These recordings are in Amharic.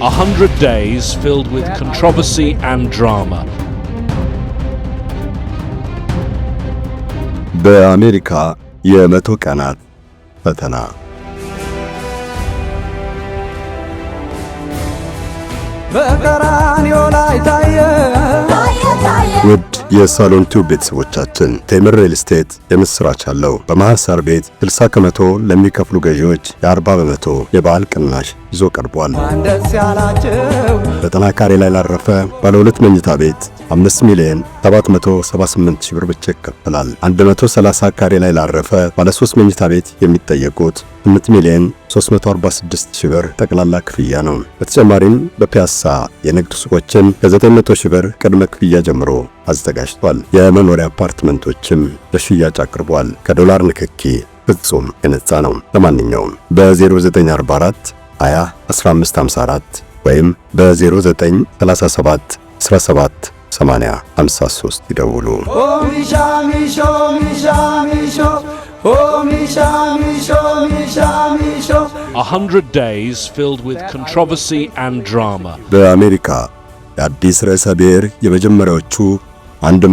A hundred days filled with controversy and drama. በአሜሪካ የመቶ ቀናት ፈተና በቀራንዮ ላይ ታየ ውድ የሳሎን ቲዩብ ቤተሰቦቻችን ቴምር ሪል ስቴት የምስራች አለው። በማህሳር ቤት 60 ከመቶ ለሚከፍሉ ገዢዎች የ40 በመቶ የበዓል ቅናሽ ይዞ ቀርቧል። ዘጠና ላይ ላረፈ ባለ ሁለት መኝታ ቤት 5 ሚሊዮን 778 ሺህ ብር ብቻ ይከፈላል። 130 ካሬ ላይ ላረፈ ባለ 3 መኝታ ቤት የሚጠየቁት 8 ሚሊዮን 346 ሺህ ብር ጠቅላላ ክፍያ ነው። በተጨማሪም በፒያሳ የንግድ ሱቆችን ከ900 ሺህ ብር ቅድመ ክፍያ ጀምሮ አዘጋጅቷል። የመኖሪያ አፓርትመንቶችም ለሽያጭ አቅርቧል። ከዶላር ንክኪ ፍጹም የነጻ ነው። ለማንኛውም በ0944 20 1554 ወይም በ0937 17 80 53 ይደውሉ። Oh, Misha, Misha, Misha, Misha. A hundred days filled with controversy and drama. በአሜሪካ የአዲስ ርዕሰ ብሔር የመጀመሪያዎቹ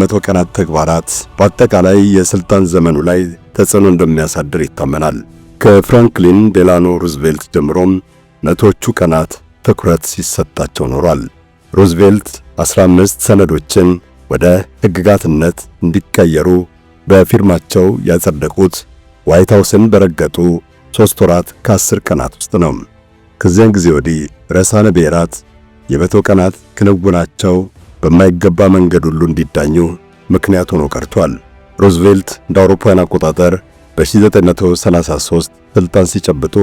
100 ቀናት ተግባራት በአጠቃላይ የስልጣን ዘመኑ ላይ ተጽዕኖ እንደሚያሳድር ይታመናል። ከፍራንክሊን ዴላኖ ሩዝቬልት ጀምሮም መቶዎቹ ቀናት ትኩረት ሲሰጣቸው ኖሯል። ሩዝቬልት 15 ሰነዶችን ወደ ሕግጋትነት እንዲቀየሩ በፊርማቸው ያጸደቁት ዋይት ሃውስን በረገጡ ሦስት ወራት ከአስር ቀናት ውስጥ ነው። ከዚያን ጊዜ ወዲህ ርዕሳነ ብሔራት የመቶ ቀናት ክንውናቸው በማይገባ መንገድ ሁሉ እንዲዳኙ ምክንያት ሆኖ ቀርቷል። ሮዝቬልት እንደ አውሮፓውያን አቆጣጠር በ1933 ስልጣን ሲጨብጡ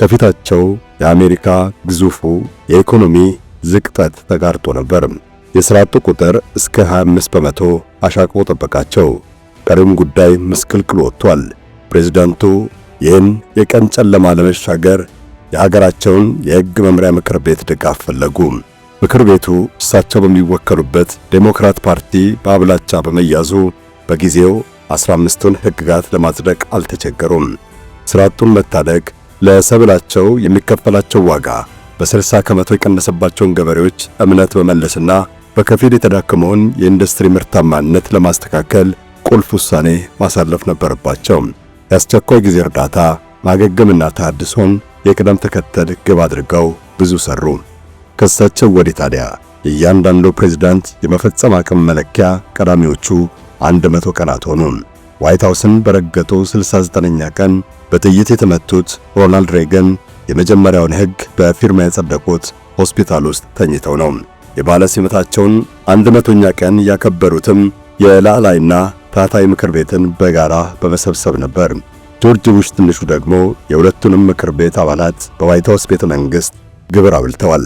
ከፊታቸው የአሜሪካ ግዙፉ የኢኮኖሚ ዝቅጠት ተጋርጦ ነበር። የሥራ አጡ ቁጥር እስከ 25 በመቶ አሻቅቦ ጠበቃቸው። ቀሪም ጉዳይ ምስቅልቅል ወጥቷል። ፕሬዝዳንቱ ይህን የቀን ጨለማ ለመሻገር የሀገራቸውን የሕግ መምሪያ ምክር ቤት ድጋፍ ፈለጉ። ምክር ቤቱ እሳቸው በሚወከሉበት ዴሞክራት ፓርቲ በአብላጫ በመያዙ በጊዜው 15ቱን ሕግጋት ለማጽደቅ አልተቸገሩም። ስራቱን መታደግ፣ ለሰብላቸው የሚከፈላቸው ዋጋ በ60 ከመቶ የቀነሰባቸውን ገበሬዎች እምነት በመለስና በከፊል የተዳከመውን የኢንዱስትሪ ምርታማነት ለማስተካከል ቁልፍ ውሳኔ ማሳለፍ ነበረባቸው። የአስቸኳይ ጊዜ እርዳታ፣ ማገገምና ተሃድሶን የቅደም ተከተል ግብ አድርገው ብዙ ሰሩ። ከሳቸው ወዲህ ታዲያ የእያንዳንዱ ፕሬዝዳንት የመፈጸም አቅም መለኪያ ቀዳሚዎቹ 100 ቀናት ሆኑ። ዋይት ሃውስን በረገጡ 69ኛ ቀን በጥይት የተመቱት ሮናልድ ሬገን የመጀመሪያውን ሕግ በፊርማ የጸደቁት ሆስፒታል ውስጥ ተኝተው ነው። የባለ ሲመታቸውን 100ኛ ቀን ያከበሩትም የላዕላይና ታታይ ምክር ቤትን በጋራ በመሰብሰብ ነበር። ጆርጅ ቡሽ ትንሹ ደግሞ የሁለቱንም ምክር ቤት አባላት በዋይት ሃውስ ቤተ መንግሥት ግብር አብልተዋል።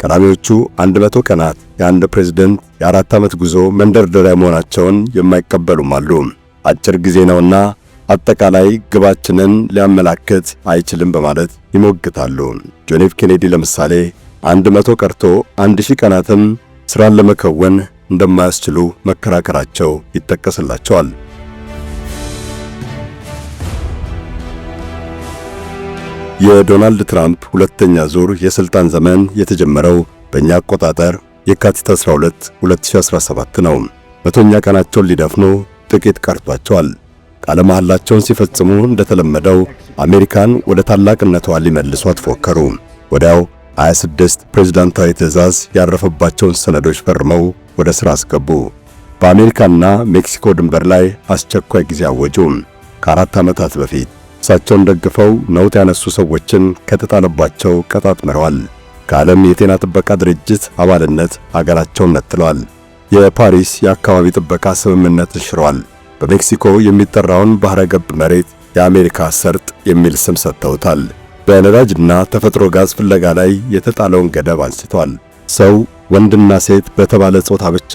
ቀዳሚዎቹ 100 ቀናት የአንድ ፕሬዝደንት የአራት ዓመት ጉዞ መንደርደሪያ መሆናቸውን የማይቀበሉም አሉ። አጭር ጊዜ ነውና አጠቃላይ ግባችንን ሊያመላክት አይችልም በማለት ይሞግታሉ። ጆን ኤፍ ኬኔዲ ለምሳሌ 100 ቀርቶ 1000 ቀናትም ስራን ለመከወን እንደማያስችሉ መከራከራቸው ይጠቀስላቸዋል። የዶናልድ ትራምፕ ሁለተኛ ዙር የስልጣን ዘመን የተጀመረው በእኛ አቆጣጠር የካቲት 12 2017 ነው። መቶኛ ቀናቸውን ሊደፍኑ ጥቂት ቀርቷቸዋል። ቃለ መሐላቸውን ሲፈጽሙ እንደተለመደው አሜሪካን ወደ ታላቅነቷ ሊመልሷት ፎከሩ። ወዲያው 26 ፕሬዝዳንታዊ ትዕዛዝ ያረፈባቸውን ሰነዶች ፈርመው ወደ ሥራ አስገቡ። በአሜሪካና ሜክሲኮ ድንበር ላይ አስቸኳይ ጊዜ አወጁ። ከአራት ዓመታት በፊት እሳቸውን ደግፈው ነውጥ ያነሱ ሰዎችን ከተጣለባቸው ምረዋል። ከዓለም የጤና ጥበቃ ድርጅት አባልነት አገራቸውን ነጥለዋል። የፓሪስ የአካባቢ ጥበቃ ስምምነት ሽሯል። በሜክሲኮ የሚጠራውን ባህረ ገብ መሬት የአሜሪካ ሰርጥ የሚል ስም ሰጥተውታል። ነዳጅና ተፈጥሮ ጋዝ ፍለጋ ላይ የተጣለውን ገደብ አንስቷል። ሰው ወንድና ሴት በተባለ ጾታ ብቻ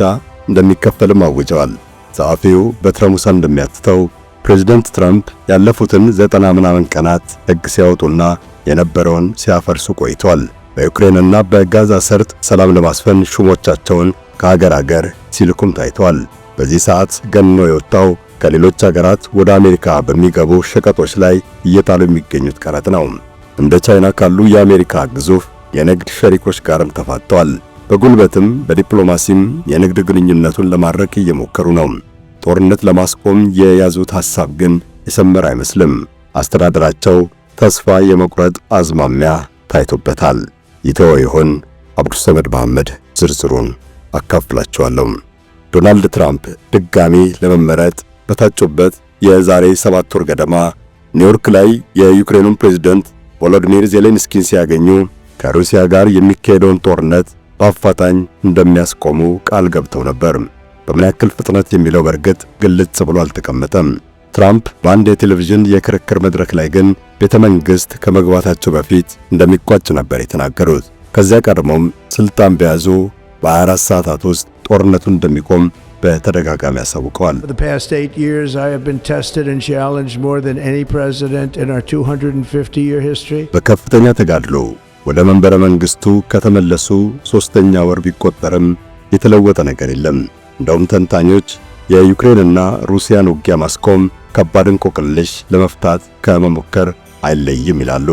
እንደሚከፈልም አውጀዋል። ጸሐፊው በትረ ሙሳ እንደሚያትተው ፕሬዝደንት ትራምፕ ያለፉትን ዘጠና ምናምን ቀናት ሕግ ሲያወጡና የነበረውን ሲያፈርሱ ቆይቷል። በዩክሬንና በጋዛ ሰርጥ ሰላም ለማስፈን ሹሞቻቸውን ከሀገር አገር ሲልኩም ታይቷል። በዚህ ሰዓት ገኖ የወጣው ከሌሎች ሀገራት ወደ አሜሪካ በሚገቡ ሸቀጦች ላይ እየጣሉ የሚገኙት ቀረጥ ነው። እንደ ቻይና ካሉ የአሜሪካ ግዙፍ የንግድ ሸሪኮች ጋርም ተፋጠዋል። በጉልበትም በዲፕሎማሲም የንግድ ግንኙነቱን ለማድረግ እየሞከሩ ነው። ጦርነት ለማስቆም የያዙት ሐሳብ ግን የሰመረ አይመስልም። አስተዳደራቸው ተስፋ የመቁረጥ አዝማሚያ ታይቶበታል። ይተወ ይሆን? ሰመድ መሐመድ ዝርዝሩን አካፍላችኋለሁ። ዶናልድ ትራምፕ ድጋሚ ለመመረጥ በታጩበት የዛሬ ሰባት ወር ገደማ ኒውዮርክ ላይ የዩክሬኑን ፕሬዝዳንት ቮሎዲሚር ዜሌንስኪን ሲያገኙ ከሩሲያ ጋር የሚካሄደውን ጦርነት በአፋጣኝ እንደሚያስቆሙ ቃል ገብተው ነበር። በምን ያክል ፍጥነት የሚለው በርግጥ ግልጽ ብሎ አልተቀመጠም። ትራምፕ በአንድ የቴሌቪዥን የክርክር መድረክ ላይ ግን ቤተ መንግሥት ከመግባታቸው በፊት እንደሚቋጭ ነበር የተናገሩት። ከዚያ ቀድሞም ስልጣን በያዙ በ24 ሰዓታት ውስጥ ጦርነቱን እንደሚቆም በተደጋጋሚ አሳውቀዋል። በከፍተኛ ተጋድሎ ወደ መንበረ መንግሥቱ ከተመለሱ ሦስተኛ ወር ቢቆጠርም የተለወጠ ነገር የለም። እንደውም ተንታኞች የዩክሬንና ሩሲያን ውጊያ ማስቆም ከባድ እንቆቅልሽ ለመፍታት ከመሞከር አይለይም ይላሉ።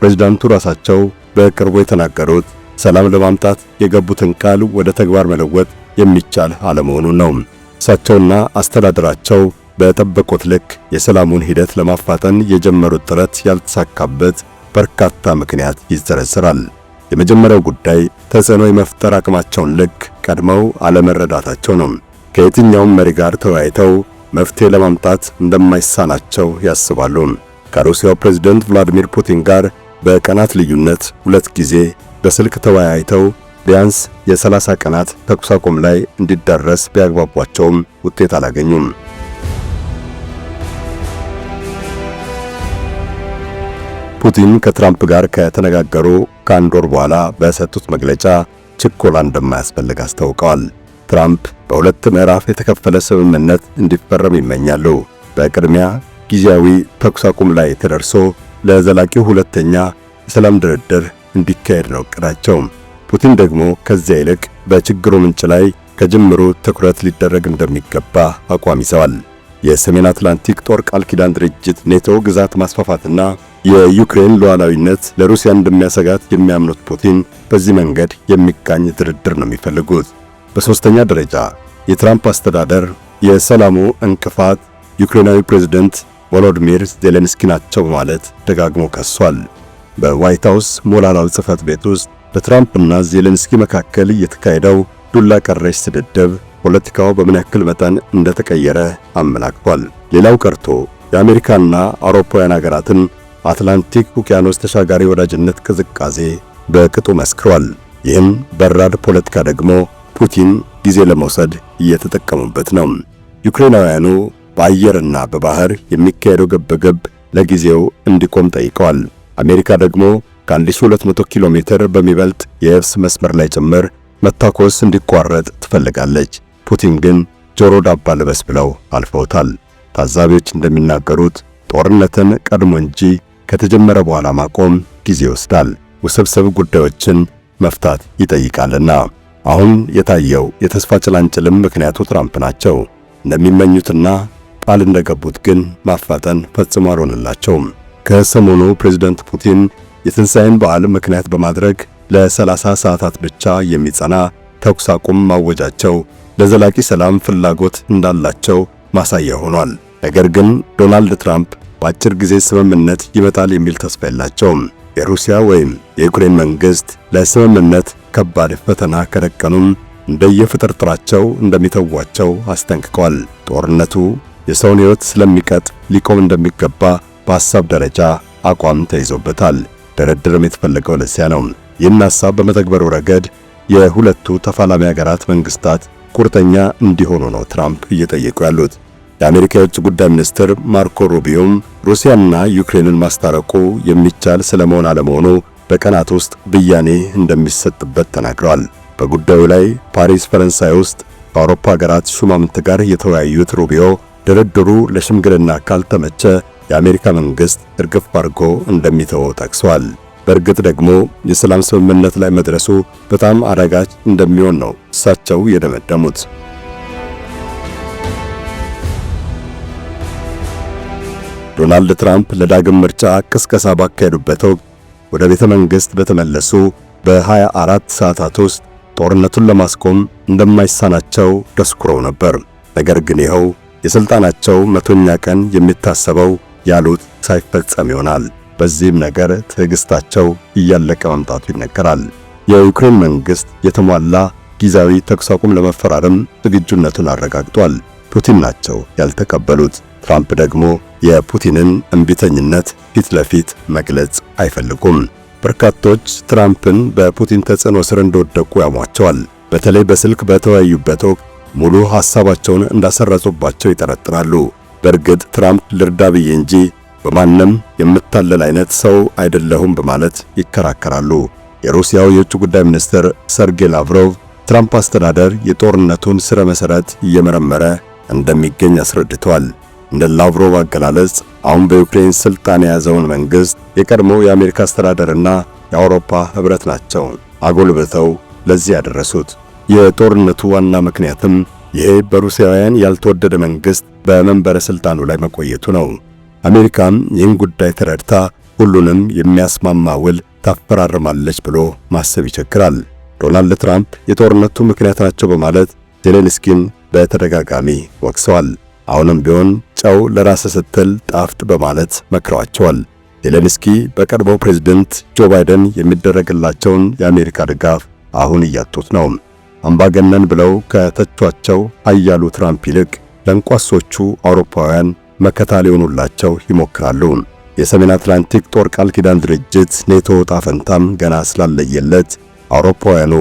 ፕሬዚዳንቱ ራሳቸው በቅርቡ የተናገሩት ሰላም ለማምጣት የገቡትን ቃል ወደ ተግባር መለወጥ የሚቻል አለመሆኑን ነው። እሳቸውና አስተዳደራቸው በጠበቁት ልክ የሰላሙን ሂደት ለማፋጠን የጀመሩት ጥረት ያልተሳካበት በርካታ ምክንያት ይዘረዝራል። የመጀመሪያው ጉዳይ ተጽዕኖ የመፍጠር አቅማቸውን ልክ ቀድመው አለመረዳታቸው ነው። ከየትኛውም መሪ ጋር ተወያይተው መፍትሄ ለማምጣት እንደማይሳናቸው ያስባሉ። ከሩሲያው ፕሬዝዳንት ቭላዲሚር ፑቲን ጋር በቀናት ልዩነት ሁለት ጊዜ በስልክ ተወያይተው ቢያንስ የ30 ቀናት ተኩስ አቁም ላይ እንዲዳረስ ቢያግባቧቸውም ውጤት አላገኙም። ፑቲን ከትራምፕ ጋር ከተነጋገሩ ከአንድ ወር በኋላ በሰጡት መግለጫ ችኮላ እንደማያስፈልግ አስታውቀዋል። ትራምፕ በሁለት ምዕራፍ የተከፈለ ስምምነት እንዲፈረም ይመኛሉ። በቅድሚያ ጊዜያዊ ተኩስ አቁም ላይ ተደርሶ ለዘላቂው ሁለተኛ የሰላም ድርድር እንዲካሄድ ነው እቅዳቸው። ፑቲን ደግሞ ከዚያ ይልቅ በችግሩ ምንጭ ላይ ከጅምሩ ትኩረት ሊደረግ እንደሚገባ አቋም ይዘዋል። የሰሜን አትላንቲክ ጦር ቃል ኪዳን ድርጅት ኔቶ ግዛት ማስፋፋትና የዩክሬን ሉዓላዊነት ለሩሲያ እንደሚያሰጋት የሚያምኑት ፑቲን በዚህ መንገድ የሚቃኝ ድርድር ነው የሚፈልጉት። በሦስተኛ ደረጃ የትራምፕ አስተዳደር የሰላሙ እንቅፋት ዩክሬናዊ ፕሬዝደንት ቮሎዲሚር ዜሌንስኪ ናቸው በማለት ደጋግሞ ከሷል። በዋይት ሃውስ ሞላላው ጽሕፈት ቤት ውስጥ በትራምፕና ዜሌንስኪ መካከል የተካሄደው ዱላ ቀረሽ ስድድብ ፖለቲካው በምን ያክል መጠን እንደተቀየረ አመላክቷል። ሌላው ቀርቶ የአሜሪካና አውሮፓውያን ሀገራትን አትላንቲክ ውቅያኖስ ተሻጋሪ ወዳጅነት ቅዝቃዜ በቅጡ መስክሯል። ይህም በራድ ፖለቲካ ደግሞ ፑቲን ጊዜ ለመውሰድ እየተጠቀሙበት ነው። ዩክሬናውያኑ በአየርና በባህር የሚካሄደው ገበገብ ለጊዜው እንዲቆም ጠይቀዋል። አሜሪካ ደግሞ ከ1200 ኪሎ ሜትር በሚበልጥ የየብስ መስመር ላይ ጭምር መታኮስ እንዲቋረጥ ትፈልጋለች። ፑቲን ግን ጆሮ ዳባ ልበስ ብለው አልፈውታል። ታዛቢዎች እንደሚናገሩት ጦርነትን ቀድሞ እንጂ ከተጀመረ በኋላ ማቆም ጊዜ ይወስዳል፣ ውስብስብ ጉዳዮችን መፍታት ይጠይቃልና። አሁን የታየው የተስፋ ጭላንጭልም ምክንያቱ ትራምፕ ናቸው። እንደሚመኙትና ቃል እንደገቡት ግን ማፋጠን ፈጽሞ አልሆነላቸውም። ከሰሞኑ ፕሬዝዳንት ፑቲን የትንሣኤን በዓል ምክንያት በማድረግ ለ30 ሰዓታት ብቻ የሚጸና ተኩስ አቁም ማወጃቸው ለዘላቂ ሰላም ፍላጎት እንዳላቸው ማሳያ ሆኗል። ነገር ግን ዶናልድ ትራምፕ በአጭር ጊዜ ስምምነት ይመጣል የሚል ተስፋ የላቸውም። የሩሲያ ወይም የዩክሬን መንግሥት ለስምምነት ከባድ ፈተና ከደቀኑም እንደየፍጥርጥራቸው እንደሚተዋቸው አስጠንቅቋል። ጦርነቱ የሰውን ሕይወት ስለሚቀጥ ሊቆም እንደሚገባ በሐሳብ ደረጃ አቋም ተይዞበታል። ድርድርም የተፈለገው ለዚያ ነው። ይህን ሐሳብ በመተግበሩ ረገድ የሁለቱ ተፋላሚ ሀገራት መንግስታት ቁርጠኛ እንዲሆኑ ነው ትራምፕ እየጠየቁ ያሉት። የአሜሪካ የውጭ ጉዳይ ሚኒስትር ማርኮ ሩቢዮም ሩሲያና ዩክሬንን ማስታረቁ የሚቻል ስለመሆን አለመሆኑ በቀናት ውስጥ ብያኔ እንደሚሰጥበት ተናግረዋል። በጉዳዩ ላይ ፓሪስ ፈረንሳይ ውስጥ ከአውሮፓ ሀገራት ሹማምንት ጋር የተወያዩት ሩቢዮ ድርድሩ ለሽምግልና ካልተመቸ የአሜሪካ መንግስት እርግፍ አድርጎ እንደሚተወው ጠቅሷል። በእርግጥ ደግሞ የሰላም ስምምነት ላይ መድረሱ በጣም አዳጋች እንደሚሆን ነው እሳቸው የደመደሙት። ዶናልድ ትራምፕ ለዳግም ምርጫ ቅስቀሳ ባካሄዱበት ወቅት ወደ ቤተ መንግስት በተመለሱ በ24 ሰዓታት ውስጥ ጦርነቱን ለማስቆም እንደማይሳናቸው ደስኩረው ነበር። ነገር ግን ይኸው የሥልጣናቸው መቶኛ ቀን የሚታሰበው ያሉት ሳይፈጸም ይሆናል። በዚህም ነገር ትዕግስታቸው እያለቀ መምጣቱ ይነገራል። የዩክሬን መንግስት የተሟላ ጊዜያዊ ተኩስ አቁም ለመፈራረም ዝግጁነቱን አረጋግጧል። ፑቲን ናቸው ያልተቀበሉት። ትራምፕ ደግሞ የፑቲንን እምቢተኝነት ፊት ለፊት መግለጽ አይፈልጉም። በርካቶች ትራምፕን በፑቲን ተጽዕኖ ስር እንደወደቁ ያሟቸዋል። በተለይ በስልክ በተወያዩበት ወቅት ሙሉ ሐሳባቸውን እንዳሰረጹባቸው ይጠረጥራሉ። በእርግጥ ትራምፕ ልርዳ ብዬ እንጂ በማንም የምታለል አይነት ሰው አይደለሁም በማለት ይከራከራሉ። የሩሲያው የውጭ ጉዳይ ሚኒስትር ሰርጌይ ላቭሮቭ ትራምፕ አስተዳደር የጦርነቱን ስረ መሰረት እየመረመረ እንደሚገኝ አስረድተዋል። እንደ ላቭሮቭ አገላለጽ አሁን በዩክሬን ስልጣን የያዘውን መንግስት የቀድሞው የአሜሪካ አስተዳደርና የአውሮፓ ህብረት ናቸው አጎልብተው ለዚህ ያደረሱት። የጦርነቱ ዋና ምክንያትም ይሄ በሩሲያውያን ያልተወደደ መንግስት በመንበረ ስልጣኑ ላይ መቆየቱ ነው። አሜሪካም ይህን ጉዳይ ተረድታ ሁሉንም የሚያስማማ ውል ታፈራርማለች ብሎ ማሰብ ይቸግራል። ዶናልድ ትራምፕ የጦርነቱ ምክንያት ናቸው በማለት ዜሌንስኪን በተደጋጋሚ ወቅሰዋል። አሁንም ቢሆን ጨው ለራስ ስትል ጣፍጥ በማለት መክረዋቸዋል። ዜሌንስኪ በቀድሞው ፕሬዝደንት ጆ ባይደን የሚደረግላቸውን የአሜሪካ ድጋፍ አሁን እያጡት ነው። አምባገነን ብለው ከተቿቸው አያሉ ትራምፕ ይልቅ ለንቋሶቹ አውሮፓውያን መከታ ሊሆኑላቸው ይሞክራሉ። የሰሜን አትላንቲክ ጦር ቃል ኪዳን ድርጅት ኔቶ ጣፈንታም ገና ስላለየለት አውሮፓውያኑ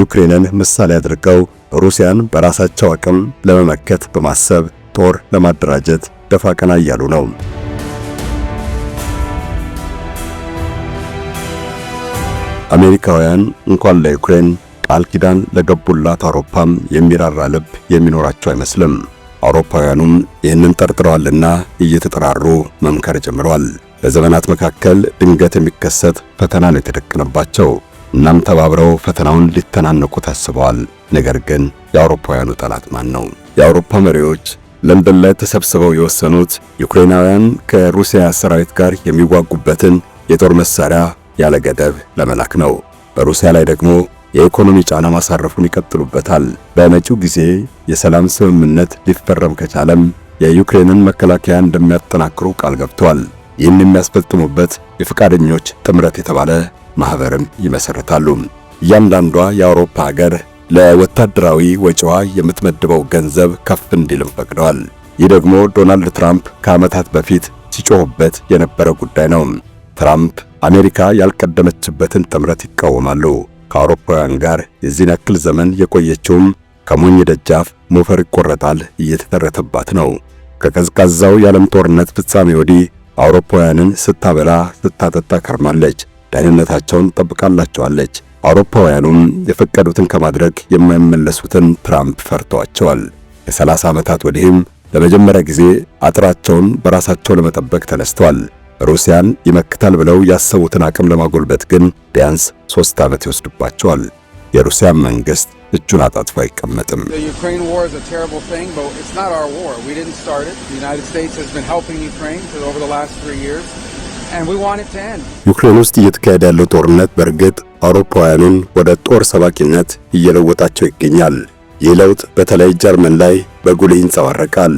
ዩክሬንን ምሳሌ አድርገው ሩሲያን በራሳቸው አቅም ለመመከት በማሰብ ጦር ለማደራጀት ደፋ ቀና እያሉ ነው። አሜሪካውያን እንኳን ለዩክሬን ቃል ለገቡላት አውሮፓም የሚራራ ልብ የሚኖራቸው አይመስልም። አውሮፓውያኑም ይህንን ጠርጥረዋልና እየተጠራሩ መምከር ጀምረዋል። በዘመናት መካከል ድንገት የሚከሰት ፈተና ነው የተደቀነባቸው። እናም ተባብረው ፈተናውን ሊተናነቁ ታስበዋል። ነገር ግን የአውሮፓውያኑ ጠላት ማን ነው? የአውሮፓ መሪዎች ለንደን ላይ ተሰብስበው የወሰኑት ዩክሬናውያን ከሩሲያ ሰራዊት ጋር የሚዋጉበትን የጦር መሳሪያ ያለ ገደብ ለመላክ ነው። በሩሲያ ላይ ደግሞ የኢኮኖሚ ጫና ማሳረፉን ይቀጥሉበታል። በመጪው ጊዜ የሰላም ስምምነት ሊፈረም ከቻለም የዩክሬንን መከላከያ እንደሚያጠናክሩ ቃል ገብቷል። ይህን የሚያስፈጽሙበት የፈቃደኞች ጥምረት የተባለ ማህበርም ይመሰርታሉ። እያንዳንዷ የአውሮፓ ሀገር ለወታደራዊ ወጪዋ የምትመድበው ገንዘብ ከፍ እንዲልም ፈቅደዋል። ይህ ደግሞ ዶናልድ ትራምፕ ከዓመታት በፊት ሲጮሁበት የነበረ ጉዳይ ነው። ትራምፕ አሜሪካ ያልቀደመችበትን ጥምረት ይቃወማሉ። ከአውሮፓውያን ጋር የዚህን ያክል ዘመን የቆየችውም ከሞኝ ደጃፍ ሞፈር ይቆረጣል እየተተረተባት ነው። ከቀዝቃዛው የዓለም ጦርነት ፍጻሜ ወዲህ አውሮፓውያንን ስታበላ ስታጠጣ ከርማለች። ደህንነታቸውን ጠብቃላቸዋለች። አውሮፓውያኑም የፈቀዱትን ከማድረግ የማይመለሱትን ትራምፕ ፈርተዋቸዋል። ከ30 ዓመታት ወዲህም ለመጀመሪያ ጊዜ አጥራቸውን በራሳቸው ለመጠበቅ ተነስተዋል። ሩሲያን ይመክታል ብለው ያሰቡትን አቅም ለማጎልበት ግን ቢያንስ ሶስት ዓመት ይወስድባቸዋል። የሩሲያ መንግስት እጁን አጣጥፎ አይቀመጥም። ዩክሬን ውስጥ እየተካሄደ ያለው ጦርነት በእርግጥ አውሮፓውያኑን ወደ ጦር ሰባቂነት እየለወጣቸው ይገኛል። ይህ ለውጥ በተለይ ጀርመን ላይ በጉልህ ይንጸባረቃል።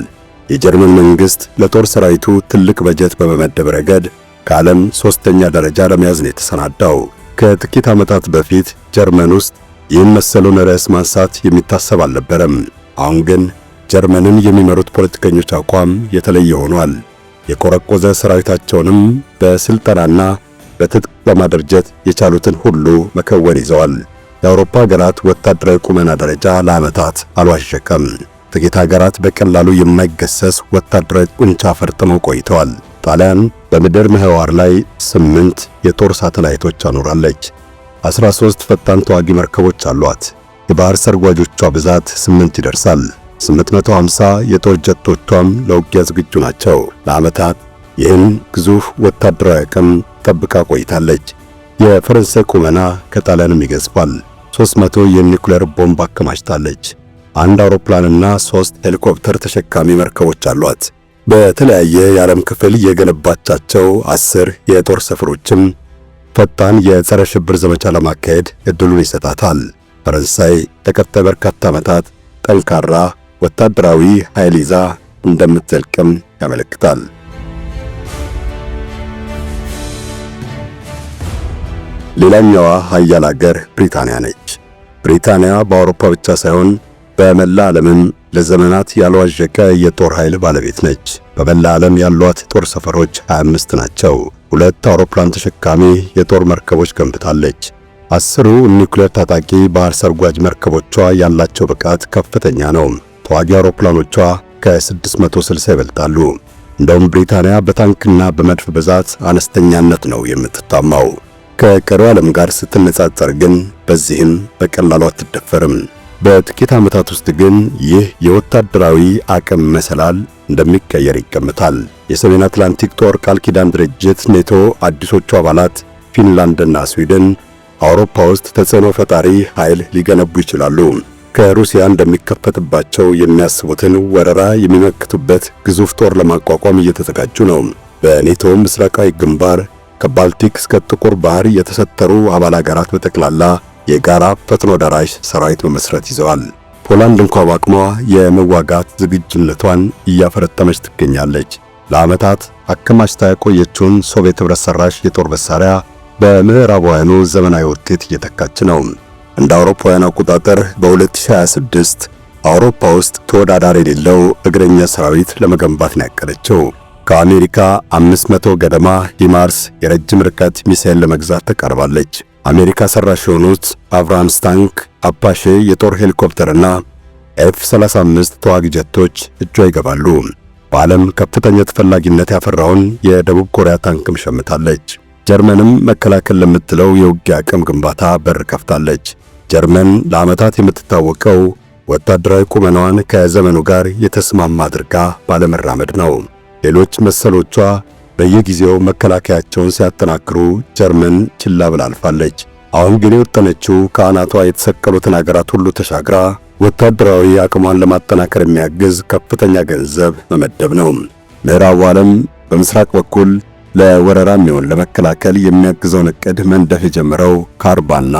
የጀርመን መንግስት ለጦር ሰራዊቱ ትልቅ በጀት በመመደብ ረገድ ከዓለም ሶስተኛ ደረጃ ለመያዝ ነው የተሰናዳው። ከጥቂት ዓመታት በፊት ጀርመን ውስጥ ይህን መሰሉን ርዕስ ማንሳት የሚታሰብ አልነበረም። አሁን ግን ጀርመንን የሚመሩት ፖለቲከኞች አቋም የተለየ ሆኗል። የቆረቆዘ ሰራዊታቸውንም በስልጠናና በትጥቅ በማደርጀት የቻሉትን ሁሉ መከወን ይዘዋል። የአውሮፓ ሀገራት ወታደራዊ ቁመና ደረጃ ለዓመታት አልዋሸቀም። ጥቂት ሀገራት በቀላሉ የማይገሰስ ወታደራዊ ጡንቻ ፈርጥመው ቆይተዋል። ጣሊያን በምድር ምህዋር ላይ ስምንት የጦር ሳተላይቶች አኖራለች። 13 ፈጣን ተዋጊ መርከቦች አሏት። የባህር ሰርጓጆቿ ብዛት ስምንት ይደርሳል። 850 የጦር ጀቶቿም ለውጊያ ዝግጁ ናቸው። ለዓመታት ይህን ግዙፍ ወታደራዊ አቅም ጠብቃ ቆይታለች። የፈረንሳይ ቁመና ከጣሊያንም ይገዝፋል። 300 የኒኩሌር ቦምብ አከማችታለች። አንድ አውሮፕላንና ሶስት ሄሊኮፕተር ተሸካሚ መርከቦች አሏት። በተለያየ የዓለም ክፍል የገነባቻቸው አስር የጦር ሰፈሮችም ፈጣን የጸረ ሽብር ዘመቻ ለማካሄድ እድሉን ይሰጣታል። ፈረንሳይ ተከተ በርካታ ዓመታት ጠንካራ ወታደራዊ ኃይል ይዛ እንደምትዘልቅም ያመለክታል። ሌላኛዋ ሀያል አገር ብሪታንያ ነች። ብሪታንያ በአውሮፓ ብቻ ሳይሆን በመላ ዓለምም ለዘመናት ያልዋዠቀ የጦር ኃይል ባለቤት ነች። በመላ ዓለም ያሏት ጦር ሰፈሮች 25 ናቸው። ሁለት አውሮፕላን ተሸካሚ የጦር መርከቦች ገንብታለች። አስሩ ኒውክሌር ታጣቂ ባህር ሰርጓጅ መርከቦቿ ያላቸው ብቃት ከፍተኛ ነው። ተዋጊ አውሮፕላኖቿ ከ660 ይበልጣሉ። እንደውም ብሪታንያ በታንክና በመድፍ ብዛት አነስተኛነት ነው የምትታማው። ከቀሪው ዓለም ጋር ስትነጻጸር ግን በዚህም በቀላሉ አትደፈርም። በጥቂት ዓመታት ውስጥ ግን ይህ የወታደራዊ አቅም መሰላል እንደሚቀየር ይገምታል። የሰሜን አትላንቲክ ጦር ቃል ኪዳን ድርጅት ኔቶ አዲሶቹ አባላት ፊንላንድና ስዊድን አውሮፓ ውስጥ ተጽዕኖ ፈጣሪ ኃይል ሊገነቡ ይችላሉ። ከሩሲያ እንደሚከፈትባቸው የሚያስቡትን ወረራ የሚመክቱበት ግዙፍ ጦር ለማቋቋም እየተዘጋጁ ነው። በኔቶ ምስራቃዊ ግንባር ከባልቲክ እስከ ጥቁር ባህር የተሰተሩ አባል አገራት በጠቅላላ የጋራ ፈጥኖ ደራሽ ሰራዊት በመስረት ይዘዋል። ፖላንድ እንኳ በአቅሟ የመዋጋት ዝግጁነቷን እያፈረጠመች ትገኛለች። ለዓመታት አከማችታ የቆየችውን ሶቪየት ኅብረት ሰራሽ የጦር መሳሪያ በምዕራባውያኑ ዘመናዊ ውጤት እየተካች ነው። እንደ አውሮፓውያን አቆጣጠር በ2026 አውሮፓ ውስጥ ተወዳዳሪ የሌለው እግረኛ ሰራዊት ለመገንባት ነው ያቀደችው። ከአሜሪካ 500 ገደማ ሂማርስ የረጅም ርቀት ሚሳኤል ለመግዛት ተቃርባለች። አሜሪካ ሰራሽ የሆኑት አብራምስ ታንክ፣ አፓሼ የጦር ሄሊኮፕተርና ኤፍ 35 ተዋጊ ጀቶች እጇ ይገባሉ። በዓለም ከፍተኛ ተፈላጊነት ያፈራውን የደቡብ ኮሪያ ታንክም ሸምታለች። ጀርመንም መከላከል ለምትለው የውጊያ አቅም ግንባታ በር ከፍታለች። ጀርመን ለዓመታት የምትታወቀው ወታደራዊ ቁመናዋን ከዘመኑ ጋር የተስማማ አድርጋ ባለመራመድ ነው። ሌሎች መሰሎቿ በየጊዜው መከላከያቸውን ሲያጠናክሩ ጀርመን ችላ ብላ አልፋለች። አሁን ግን የወጠነችው ከአናቷ የተሰቀሉትን አገራት ሁሉ ተሻግራ ወታደራዊ አቅሟን ለማጠናከር የሚያግዝ ከፍተኛ ገንዘብ መመደብ ነው። ምዕራቡ ዓለም በምስራቅ በኩል ለወረራ የሚሆን ለመከላከል የሚያግዘውን እቅድ መንደፍ የጀመረው ከአርባና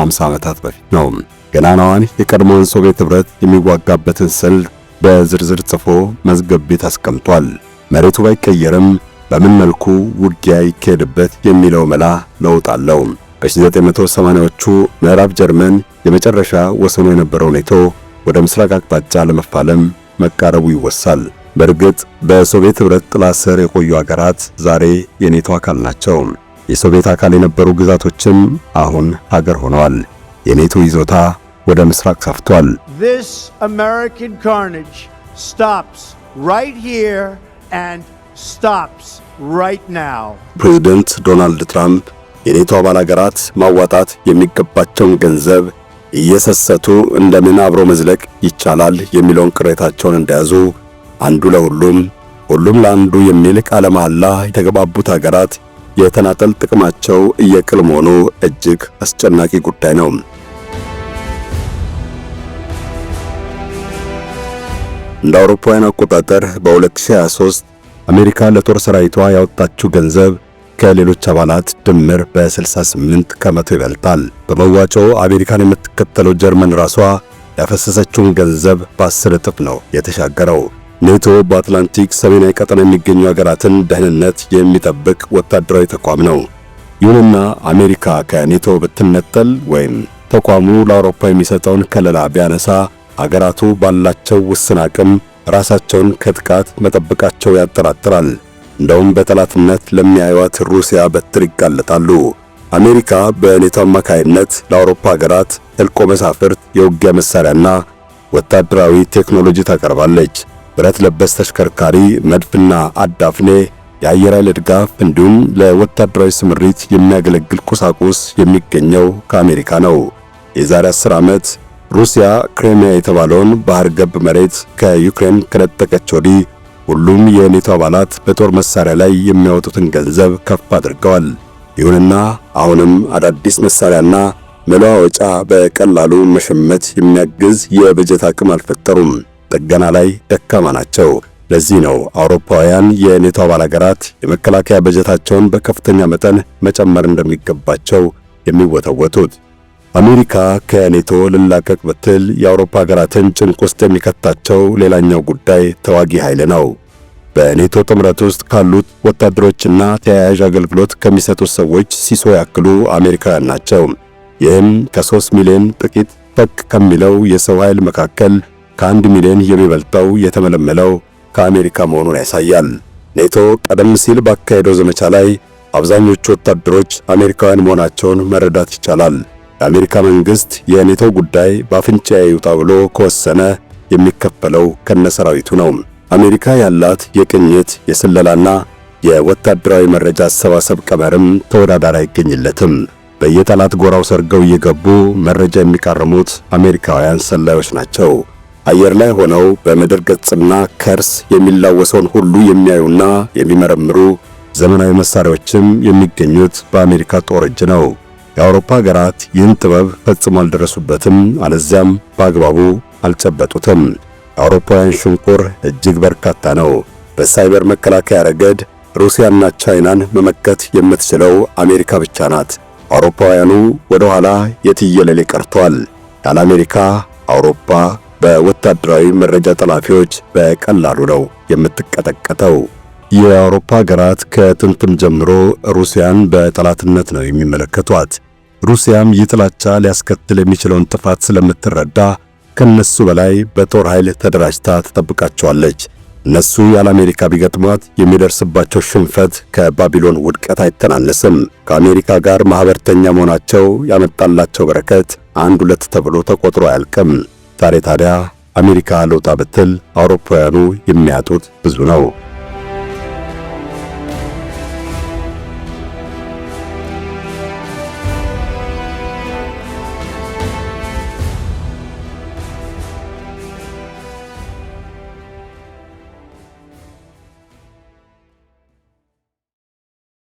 ሃምሳ ዓመታት በፊት ነው። ገናናዋን የቀድሞውን ሶቪየት ኅብረት የሚዋጋበትን ስልት በዝርዝር ጽፎ መዝገብ ቤት አስቀምጧል። መሬቱ ባይቀየርም በምን መልኩ ውጊያ ይካሄድበት የሚለው መላ ለውጥ አለው። በ1980ዎቹ ምዕራብ ጀርመን የመጨረሻ ወሰኑ የነበረው ኔቶ ወደ ምስራቅ አቅጣጫ ለመፋለም መቃረቡ ይወሳል። በእርግጥ በሶቪየት ኅብረት ጥላ ስር የቆዩ አገራት ዛሬ የኔቶ አካል ናቸው። የሶቪየት አካል የነበሩ ግዛቶችም አሁን ሀገር ሆነዋል። የኔቶ ይዞታ ወደ ምስራቅ ሰፍቷል። This American carnage stops right here and ፕሬዝደንት ዶናልድ ትራምፕ የኔቶ አባል አገራት ማዋጣት የሚገባቸውን ገንዘብ እየሰሰቱ እንደምን አብሮ መዝለቅ ይቻላል የሚለውን ቅሬታቸውን እንደያዙ አንዱ ለሁሉም ሁሉም ለአንዱ የሚል ቃለ መሐላ የተገባቡት አገራት የተናጠል ጥቅማቸው እየቅል መሆኑ እጅግ አስጨናቂ ጉዳይ ነው። እንደ አውሮፓውያን አቆጣጠር በ2023 አሜሪካ ለጦር ሰራዊቷ ያወጣችው ገንዘብ ከሌሎች አባላት ድምር በ68 ከመቶ ይበልጣል። በመዋጮው አሜሪካን የምትከተለው ጀርመን ራሷ ያፈሰሰችውን ገንዘብ በ በ10 እጥፍ ነው የተሻገረው። ኔቶ በአትላንቲክ ሰሜናዊ ቀጠና የሚገኙ ሀገራትን ደህንነት የሚጠብቅ ወታደራዊ ተቋም ነው። ይሁንና አሜሪካ ከኔቶ ብትነጠል ወይም ተቋሙ ለአውሮፓ የሚሰጠውን ከለላ ቢያነሳ አገራቱ ባላቸው ውስን አቅም ራሳቸውን ከጥቃት መጠበቃቸው ያጠራጥራል። እንደውም በጠላትነት ለሚያዩት ሩሲያ በትር ይጋለጣሉ። አሜሪካ በኔቶ አማካይነት ለአውሮፓ ሀገራት ጥልቆ መሳፍርት የውጊያ መሳሪያና ወታደራዊ ቴክኖሎጂ ታቀርባለች። ብረት ለበስ ተሽከርካሪ፣ መድፍና አዳፍኔ፣ የአየር ኃይል ድጋፍ እንዲሁም ለወታደራዊ ስምሪት የሚያገለግል ቁሳቁስ የሚገኘው ከአሜሪካ ነው። የዛሬ 10 ዓመት ሩሲያ ክሬሚያ የተባለውን ባህር ገብ መሬት ከዩክሬን ከነጠቀች ወዲህ ሁሉም የኔቶ አባላት በጦር መሳሪያ ላይ የሚያወጡትን ገንዘብ ከፍ አድርገዋል። ይሁንና አሁንም አዳዲስ መሳሪያና መለዋወጫ በቀላሉ መሸመት የሚያግዝ የበጀት አቅም አልፈጠሩም። ጥገና ላይ ደካማ ናቸው። ለዚህ ነው አውሮፓውያን የኔቶ አባል ሀገራት የመከላከያ በጀታቸውን በከፍተኛ መጠን መጨመር እንደሚገባቸው የሚወተወቱት። አሜሪካ ከኔቶ ልላቀቅ ብትል የአውሮፓ ሀገራትን ጭንቅ ውስጥ የሚከታቸው ሌላኛው ጉዳይ ተዋጊ ኃይል ነው። በኔቶ ጥምረት ውስጥ ካሉት ወታደሮችና ተያያዥ አገልግሎት ከሚሰጡት ሰዎች ሲሶ ያክሉ አሜሪካውያን ናቸው። ይህም ከ3 ሚሊዮን ጥቂት ፈቅ ከሚለው የሰው ኃይል መካከል ከአንድ ሚሊዮን የሚበልጠው የተመለመለው ከአሜሪካ መሆኑን ያሳያል። ኔቶ ቀደም ሲል ባካሄደው ዘመቻ ላይ አብዛኞቹ ወታደሮች አሜሪካውያን መሆናቸውን መረዳት ይቻላል። የአሜሪካ መንግስት የኔቶ ጉዳይ በአፍንጫዬ ይውጣ ብሎ ከወሰነ የሚከፈለው ከነሰራዊቱ ነው። አሜሪካ ያላት የቅኝት የስለላና የወታደራዊ መረጃ አሰባሰብ ቀመርም ተወዳዳሪ አይገኝለትም። በየጠላት ጎራው ሰርገው እየገቡ መረጃ የሚቃርሙት አሜሪካውያን ሰላዮች ናቸው። አየር ላይ ሆነው በምድር ገጽና ከርስ የሚላወሰውን ሁሉ የሚያዩና የሚመረምሩ ዘመናዊ መሳሪያዎችም የሚገኙት በአሜሪካ ጦር እጅ ነው። የአውሮፓ ሀገራት ይህን ጥበብ ፈጽሞ አልደረሱበትም፣ አለዚያም በአግባቡ አልጨበጡትም። የአውሮፓውያን ሽንቁር እጅግ በርካታ ነው። በሳይበር መከላከያ ረገድ ሩሲያና ቻይናን መመከት የምትችለው አሜሪካ ብቻ ናት። አውሮፓውያኑ ወደ ኋላ የትየለሌ ቀርቷል። ያለ አሜሪካ አውሮፓ በወታደራዊ መረጃ ጠላፊዎች በቀላሉ ነው የምትቀጠቀተው? የአውሮፓ ሀገራት ከጥንትም ጀምሮ ሩሲያን በጠላትነት ነው የሚመለከቷት። ሩሲያም ይህ ጥላቻ ሊያስከትል የሚችለውን ጥፋት ስለምትረዳ ከነሱ በላይ በጦር ኃይል ተደራጅታ ትጠብቃቸዋለች። እነሱ ያለ አሜሪካ ቢገጥሟት የሚደርስባቸው ሽንፈት ከባቢሎን ውድቀት አይተናነስም። ከአሜሪካ ጋር ማኅበርተኛ መሆናቸው ያመጣላቸው በረከት አንድ ሁለት ተብሎ ተቆጥሮ አያልቅም። ዛሬ ታዲያ አሜሪካ ለውጣ ብትል አውሮፓውያኑ የሚያጡት ብዙ ነው።